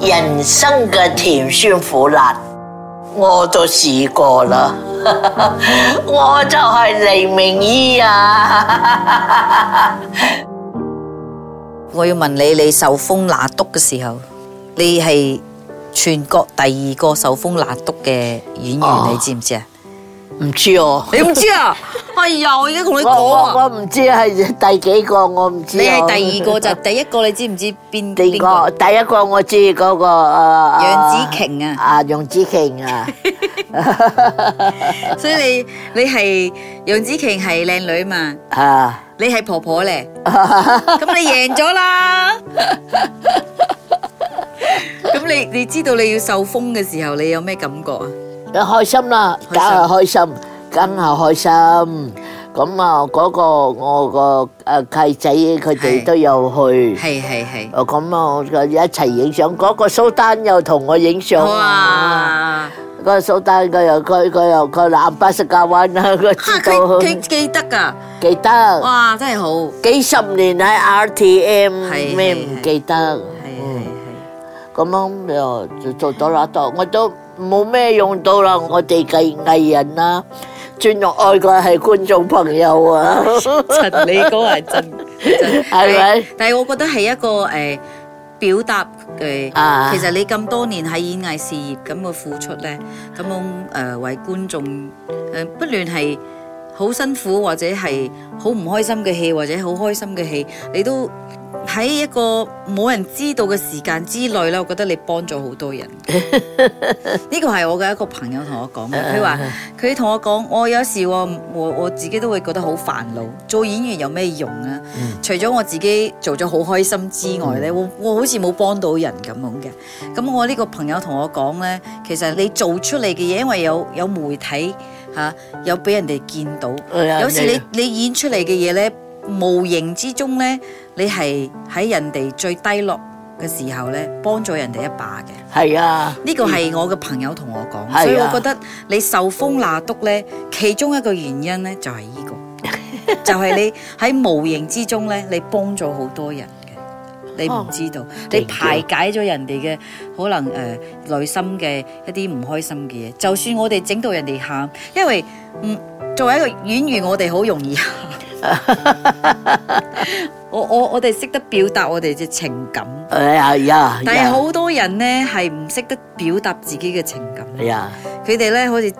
人生嘅甜酸苦辣，我都試過啦。 我就係黎明姨啊！ 我要問你，你受封拿督嘅時候，你係全國第二個受封拿督嘅演員，啊、你知唔知啊？唔知哦， 你唔知啊？哎呀，我而家同你講啊！我唔知係第幾個，我唔知。你係第二個 就，第一個你知唔知邊個？個第一個我知嗰、嗰個楊紫瓊啊！啊楊紫瓊啊！ 所以你你係楊紫瓊係靚女嘛？啊！ 你係婆婆咧，咁 你贏咗啦！咁 你你知道你要受封嘅時候，你有咩感覺啊？開心啦，梗係開心，梗係開心，咁啊嗰個我個誒契仔佢哋都有去，係係係，哦咁啊就一齊影相，嗰個蘇丹又同我影相，嗰個蘇丹佢又佢佢又佢南巴斯加灣啊，佢知道，記記得噶，記得，哇真係好，幾十年喺 RTM 咩唔記得，係係係，咁樣又做多得多，我都。冇咩用到啦，我哋嘅藝人啦、啊，尊重愛嘅係觀眾朋友啊。 陳，你講係真係咪？但係我覺得係一個誒、呃、表達嘅，啊、其實你咁多年喺演藝事業咁嘅付出咧，咁樣誒為觀眾誒、呃，不論係。好辛苦或者係好唔開心嘅戲或者好開心嘅戲，你都喺一個冇人知道嘅時間之內啦，我覺得你幫咗好多人。呢 個係我嘅一個朋友同我講嘅，佢話佢同我講，我有時我我自己都會覺得好煩惱，做演員有咩用啊？除咗我自己做咗好開心之外咧，我我好似冇幫到人咁樣嘅。咁我呢個朋友同我講咧，其實你做出嚟嘅嘢，因為有有媒體。吓、啊、有俾人哋見到，係啊、哎呀，有時你你演出嚟嘅嘢咧，無形之中咧，你係喺人哋最低落嘅時候咧，幫咗人哋一把嘅。係啊，呢個係我嘅朋友同我講，啊、所以我覺得你受封拿督咧，啊、其中一個原因咧就係、是、呢、這個， 就係你喺無形之中咧，你幫咗好多人。你唔知道，哦、你排解咗人哋嘅可能誒、呃，內、呃、心嘅一啲唔開心嘅嘢。就算我哋整到人哋喊，因為唔、嗯、作為一個演員，我哋好容易喊 我。我我我哋識得表達我哋嘅情感。誒，係啊，但係好多人咧係唔識得表達自己嘅情感。係啊， 佢哋咧好似。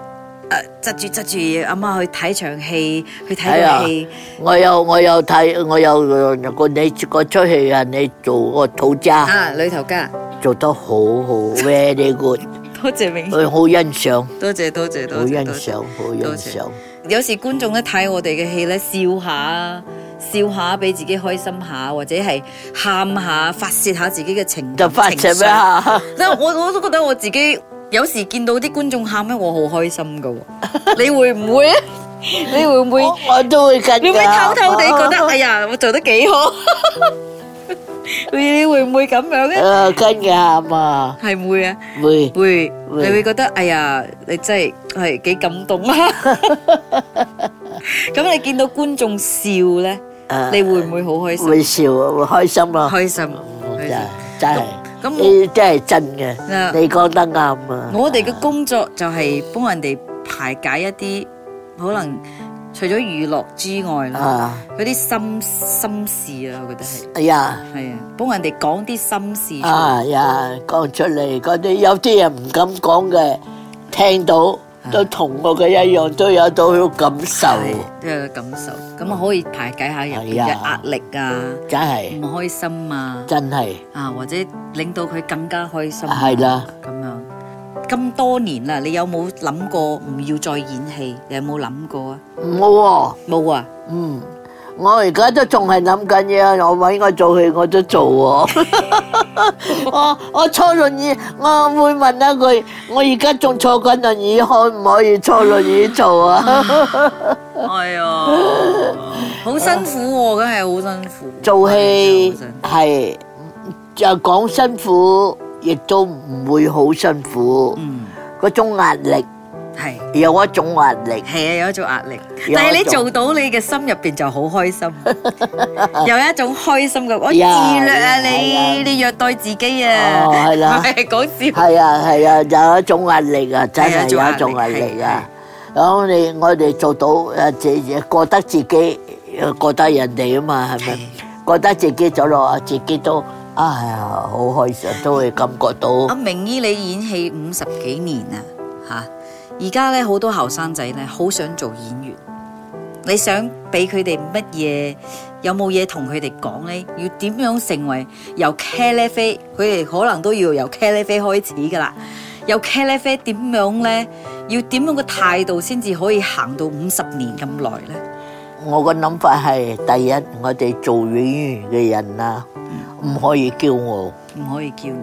誒，執住執住，阿媽去睇場戲，去睇戲。我有我有睇，我有個你個出戲啊，你做個土家啊，女土家做得好好嘅，Very good，你個多謝明，我好欣賞，多謝多謝多謝，好欣賞好欣賞。有時觀眾咧睇我哋嘅戲咧，笑下笑下，俾自己開心下，或者係喊下發泄下自己嘅情感，就發泄咩？即係我我都覺得我自己。有時見到啲觀眾喊咧，我好開心噶，你會唔會啊？你會唔會？我都會咁噶。你會偷偷地覺得哎呀，我做得幾好？你會唔會咁樣咧？啊，跟噶嘛。係唔會啊？會會，你會覺得哎呀，你真係係幾感動啊！咁你見到觀眾笑咧，你會唔會好開心？會笑啊！會開心啊！開心，真係真係。咁真係真嘅，你講得啱啊！我哋嘅工作就係幫人哋排解一啲可能除咗娛樂之外啦，嗰啲、啊、心心事啦，我覺得係。係啊、哎呀，係啊，幫人哋講啲心事。係啊，講、啊、出嚟，啲有啲人唔敢講嘅，聽到。都同我嘅一樣， 都有到感受，都有感受。咁 可以排解下人嘅壓力啊，梗係唔開心啊，真係 啊，或者令到佢更加開心啊。係啦，咁 樣咁多年啦，你有冇諗過唔要再演戲？你有冇諗過 啊？冇喎，冇 啊，嗯。 我而家都仲係諗緊嘢，我揾我做戲我都做喎。我 我坐輪椅，我會問一句：我而家仲坐緊輪椅，可唔可以坐輪椅做啊？係 啊 、哎，好辛苦喎、哦，真係好辛苦。做戲係就 講辛苦，亦都唔會好辛苦。嗰種壓力。係有一種壓力，係啊，有一種壓力，但係你做到你嘅心入邊就好開心，有一種開心嘅我自虐啊，你你虐待自己啊，係啦，講笑，係啊，係啊，有一種壓力啊，真係有一種壓力啊。咁你我哋做到啊，自己覺得自己覺得人哋啊嘛，係咪覺得自己做落自己都哎呀，好開心，都會感覺到。阿明姨，你演戲五十幾年啊，嚇！而家咧好多後生仔咧，好想做演員。你想俾佢哋乜嘢？有冇嘢同佢哋講咧？要點樣成為由茄喱啡？佢哋可能都要由茄喱啡開始噶啦。由茄喱啡點樣咧？要點樣嘅態度先至可以行到五十年咁耐咧？我個諗法係：第一，我哋做演員嘅人啊，唔可以驕傲，唔可以驕傲，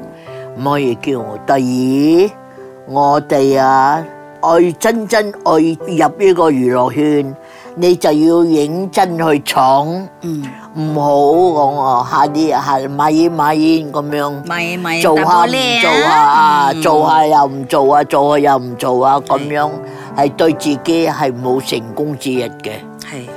嗯，唔可以驕傲。第二，我哋啊～愛真真愛入呢個娛樂圈，你就要認真去闖，唔好講下啲係，買煙買煙咁樣，做下唔做下，做下又唔做下，做下又唔做下咁樣，係對自己係冇成功之日嘅。係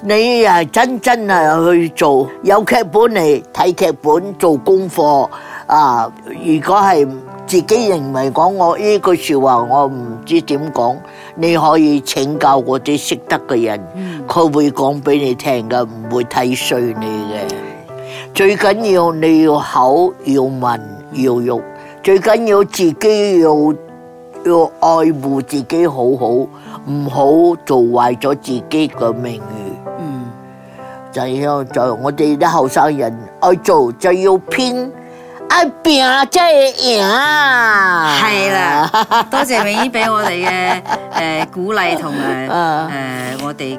你係真真係去做，有劇本嚟，睇劇本做功課啊！如果係。自己認為講我呢句説話，我唔知點講，你可以請教嗰啲識得嘅人，佢會講俾你聽嘅，唔會睇衰你嘅。最緊要你要口要問要慾，最緊要自己要要愛護自己，好好唔好做壞咗自己嘅名譽。嗯，就係咯，就我哋啲後生人愛做就要拼。阿平，真係贏啊！係啦，多謝明姨俾我哋嘅、誒鼓勵同埋誒誒，我哋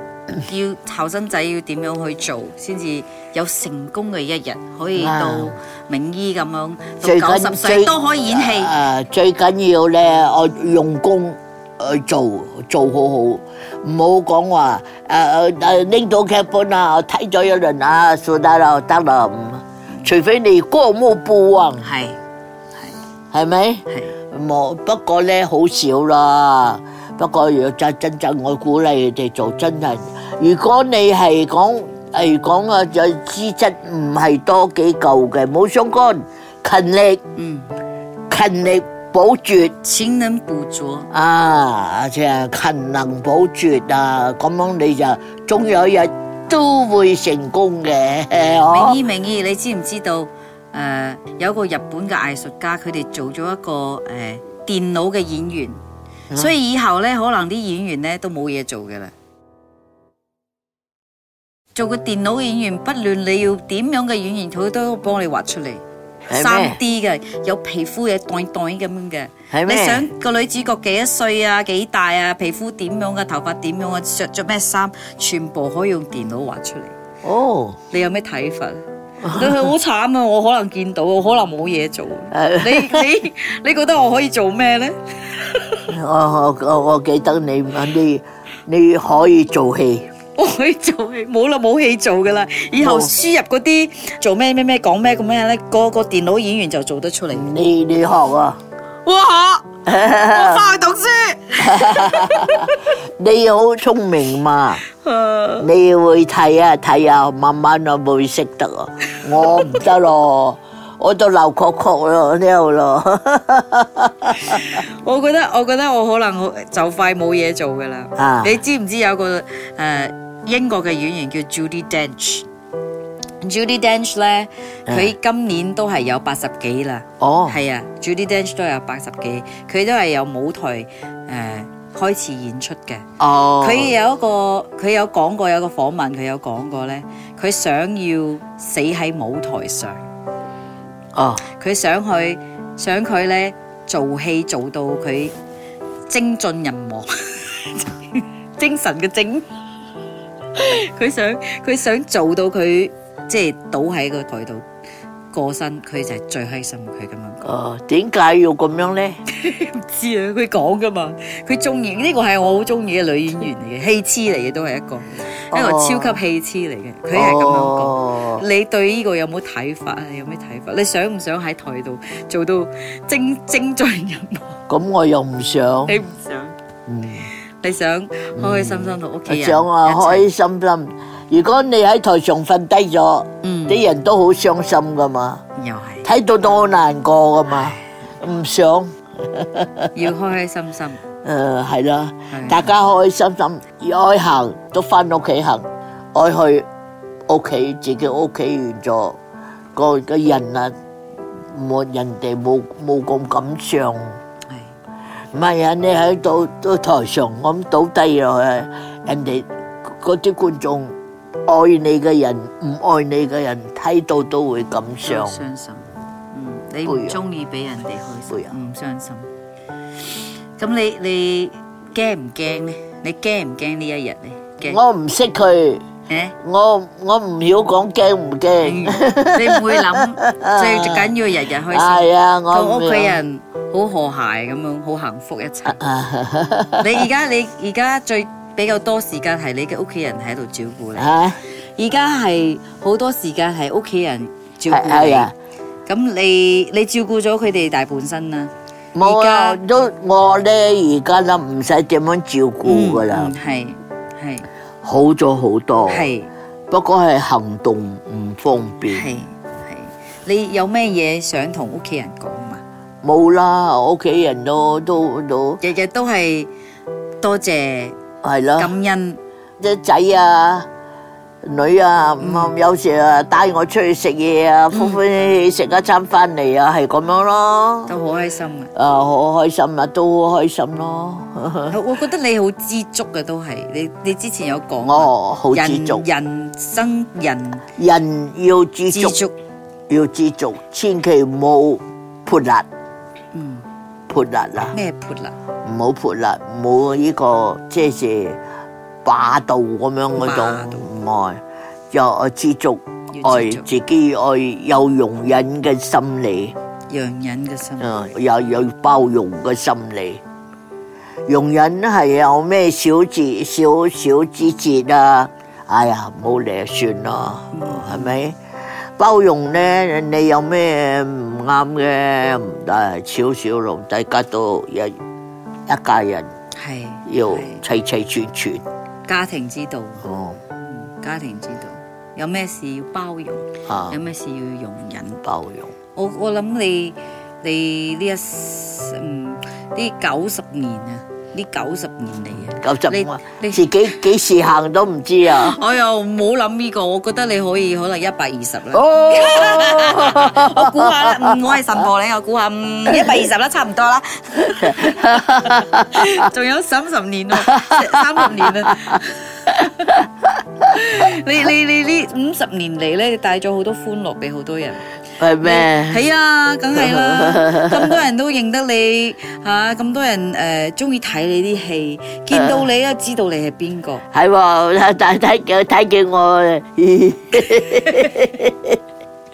要後生仔要點樣去做，先至有成功嘅一日，可以到明姨咁樣到九十歲都可以演戲。誒，最緊要咧，我用功，我做做好好，唔好講話誒誒拎到劇本啊，睇咗一輪啊，算啦啦得啦。除非你過目不忘，係係係咪？冇，不過咧，好少啦。不過若真真真，我鼓勵佢哋做真人。如果你係講係講啊，就資質唔係多幾舊嘅，冇相干，勤力，嗯，勤力補拙，勤能補拙啊，而且勤能補拙啊。咁樣你就終有一日。都會成功嘅。明姨，明姨，你知唔知道？誒、呃，有個日本嘅藝術家，佢哋做咗一個誒、呃、電腦嘅演員，嗯、所以以後呢，可能啲演員呢都冇嘢做嘅啦。做個電腦演員，不論你要點樣嘅演員，佢都幫你畫出嚟。三 D 嘅，有皮膚嘅袋袋咁樣嘅，係你想、個女主角幾多歲啊？幾大啊？皮膚點樣嘅、啊？頭髮點樣啊？着着咩衫？全部可以用電腦畫出嚟。哦，你有咩睇法？佢好慘啊！我可能見到，我可能冇嘢做。 你你你覺得我可以做咩咧？ 我我我記得你講啲，你可以做戲。我可以做戲，冇啦，冇戲做噶啦。以後輸入嗰啲做咩咩咩講咩咁咩咧，嗰個電腦演員就做得出嚟。你你學啊？我學，我翻去讀書。你好聰明嘛？你會睇啊睇啊，慢慢啊會識得啊。我唔得咯，我都流殼殼咯呢度咯。我覺得我覺得我可能就快冇嘢做噶啦。你知唔知有個誒？英國嘅演員叫 Judy Dench，Judy Dench 咧，佢今年都係有八十幾啦。哦，係啊，Judy Dench 都有八十幾，佢都係有舞台誒開始演出嘅。哦，佢有一個，佢有講過，有個訪問，佢有講過咧，佢想要死喺舞台上。哦，佢想去，想佢咧做戲做到佢精盡人亡，精神嘅精。佢想佢想做到佢即係倒喺個台度過身，佢就係最開心。佢咁樣講。哦，點解要咁樣咧？唔 知啊，佢講噶嘛。佢中意呢個係我好中意嘅女演員嚟嘅，戲痴嚟嘅都係一個，哦、一個超級戲痴嚟嘅。佢係咁樣講，哦。你對呢個有冇睇法啊？你有咩睇法？你想唔想喺台度做到精精進人？咁我又唔想。你唔想？嗯想開開心心同屋企人，想啊開開心心。如果你喺台上瞓低咗，啲人都好傷心噶嘛，又係睇到都好難過噶嘛，唔想要開開心心。誒，係啦，大家開開心心，愛行都翻屋企行，愛去屋企自己屋企完咗，個個人啊，冇人哋冇冇咁感傷。唔係啊！你喺度喺台上，我咁倒低落去，人哋嗰啲觀眾愛你嘅人，唔愛你嘅人睇到都會感傷。傷心，嗯，你唔中意俾人哋開心，唔傷心。咁、嗯、你你驚唔驚咧？你驚唔驚呢一日咧？驚。我唔識佢。我我唔曉講驚唔驚， 你唔會諗，最緊要日日開心，我同屋企人好和諧咁樣，好幸福一齊。 你而家你而家最比較多時間係你嘅屋企人喺度照顧你，而家係好多時間係屋企人照顧你。咁、哎、你你照顧咗佢哋大半身啦，而家有在都我咧，而家都唔使點樣照顧噶啦，係係、嗯。好咗好多，係，不過係行動唔方便。係係，你有咩嘢想同屋企人講嘛？冇啦，我屋企人都都都日日都係多謝，係咯，感恩啲仔啊。女啊，咁、嗯、啊，有時啊帶我出去食嘢啊，歡歡喜喜食一餐翻嚟啊，係咁樣咯，都好開心嘅。啊，好、呃、開心啊，都好開心咯。 我覺得你好知足嘅，啊，都係你你之前有講哦，好知足。人，人生人人要知足，知足要知足，千祈唔好潑辣，嗯，潑辣啦。咩潑辣？唔好潑辣，唔好呢個即係霸道咁樣嗰種。愛又知足，愛自己，愛又容忍嘅心理，容忍嘅心理，又又包容嘅心理。容忍係有咩小節，小小節節啊？哎呀，唔好嚟算咯，係咪包容咧？你有咩唔啱嘅，唔得少少咯，大家都一一家人係要齊齊全全家庭之道哦。家庭知道，有咩事要包容，啊、有咩事要容忍包容。我我諗你你呢一嗯呢九十年啊，呢九十年嚟啊，九十年啊，你你自己幾時行都唔知啊。我又唔好諗呢個，我覺得你可以可能、哦、 一百二十啦。我估下啦，我係神婆你我估下一百二十啦，差唔多啦。仲 有三十年啊，三十年啊。 你你你呢五十年嚟咧，帶咗好多歡樂俾好多人，係咩？係啊，梗係啦，咁 多人都認得你吓，咁、啊、多人誒中意睇你啲戲，見到你啊， 知道你係邊個，係大睇見睇見我。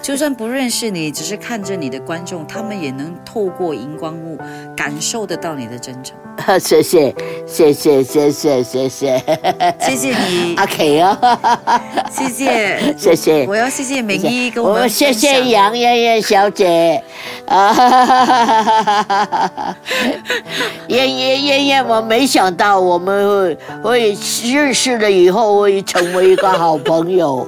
就算不認識你，只是看着你的觀眾，他們也能透過熒光幕感受得到你的真誠。啊，謝謝，謝謝，謝謝，謝謝，謝謝你，阿 K 哦，謝謝，謝謝，我要謝謝明姨，跟我們謝謝楊燕燕小姐，啊，燕燕燕燕，我沒想到我們會會認識了以後會成為一個好朋友。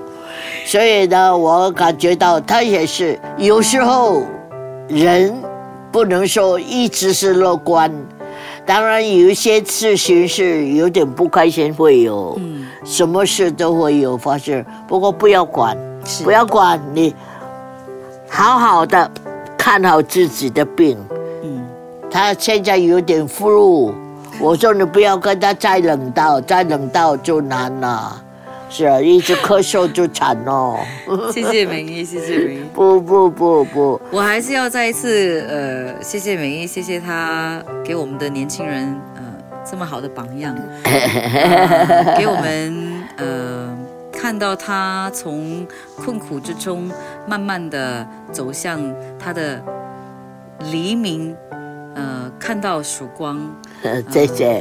所以呢，我感覺到他也是，有時候人不能說一直是樂觀，當然有一些事情是有點不開心會有，什麼事都會有發生，不過不要管，不要管你，好好的看好自己的病，嗯，他現在有點憤怒，我說你不要跟他再冷到，再冷到就難了。是、啊、一直咳嗽就慘咯 謝謝。謝謝明姨，謝謝明姨。不不不不，不我還是要再一次，呃，謝謝明姨，謝謝他給我們的年輕人，嗯、呃，這麼好的榜樣、呃，給我們，呃，看到她從困苦之中慢慢的走向她的黎明，呃，看到曙光。呃、 謝謝。